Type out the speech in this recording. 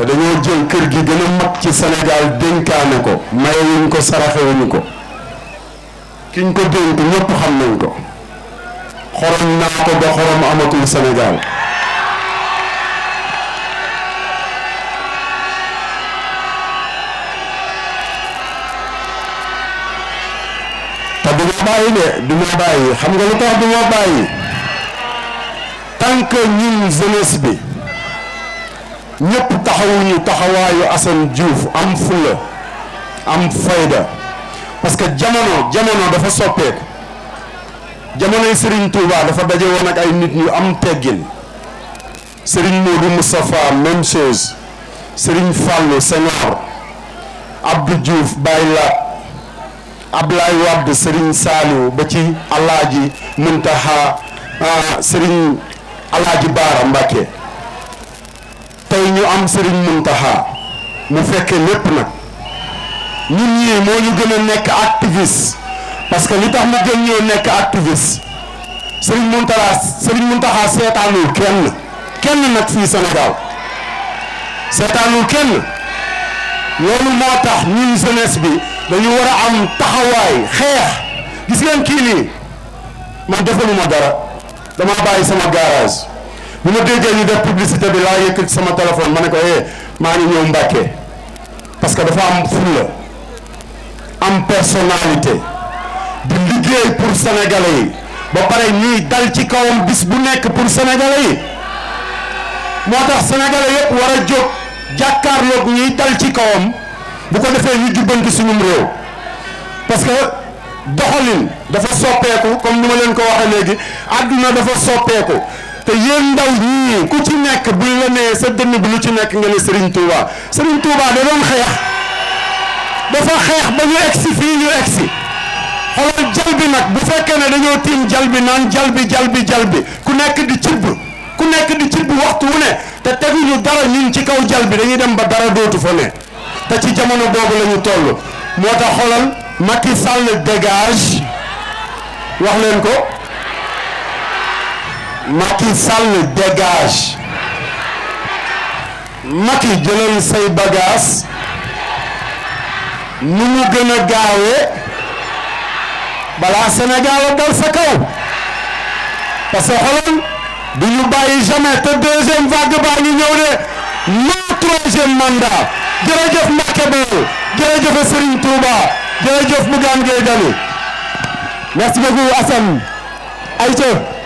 te dañoo jël kër gi gën a mag ci Sénégal dénkaane ko mayewuñ ko saraxewuñu ko kiñ ko dénk ñëpp xam nañ ko xorom naa ko ba xorom amatul Sénégal te du ma bàyyi de du bàyyi xam nga lu tax du bàyyi tant que ñun bi ñëpp taxawuñu taxawaayu Assane Diouf am fulla am fayda parce que jamono jamono dafa soppeeku jamonoy Serigne Touba dafa daje woon ay nit ñu am teggin Serigne Modou Moustapha même chose Serigne Fallou Senghor Abdou Diouf Baye Lat Ablaye Wade Serigne Saliou ba ci Alaaji Muntaha ah, Serigne Alaaji Baara Mbàkke tey ñu am Serigne Mountakha mu fekkee lépp nag ñuy ñii moo ñu gën a nekk activiste parce que li tax mu gën ñoo nekk sëriñ activiste Serigne Mountakha Serigne Mountakha seetaanul kenn kenn nag fii Sénégal seetaanul kenn loolu moo tax ñun jeunesse bi dañu war a am taxawaay xeex gis ngeen kii nii man defaluma dara dama bàyyi sama garage. bu ma déggee ñu def publicité bi laa yëkkati sama téléphone ma ne ko eh maa ngi ñëw Mbàkke parce que dafa am fulla am personnalité di liggéey pour sénégalais yi ba pare ñuy dal ci kawam bis bu nekk pour sénégalais yi moo tax sénégalais yëpp war a jóg jàkkaarloog ñuy dal ci kawam bu ko defee ñu jubbanti suñum réew parce que doxalin dafa soppeeku comme ni ma leen ko waxee léegi àdduna dafa soppeeku. te ndaw ñii ku ci nekk bu la nee sa dënn bi lu ci nekk nga ne Serigne Touba Serigne Touba da doon xeex dafa xeex ba ñu egsi fii ñu egsi xoolal jal nag bu fekkee ne dañoo tiim jal bi naan jal bi jal bi jal bi ku nekk di cibb ku nekk di cibb waxtu wu ne te teguñu dara ñun ci kaw jal bi dañuy dem ba dara dootu fa ne te ci jamono boobu lañu ñu moo tax xoolal Macky Sall dégage wax leen ko. Macky Sall dégage Macky jëlal say bagage nu gën a gaawee balaa Sénégal a dal sa kaw parce que xoolal du ñu bàyyi jamais te deuxième vague baa ñëw de non troisième mandat jërëjëf Mbacké Bal jërëjëf Serigne Touba jërëjëf Bougane Gueye Dany merci beaucoup Assane Aïcha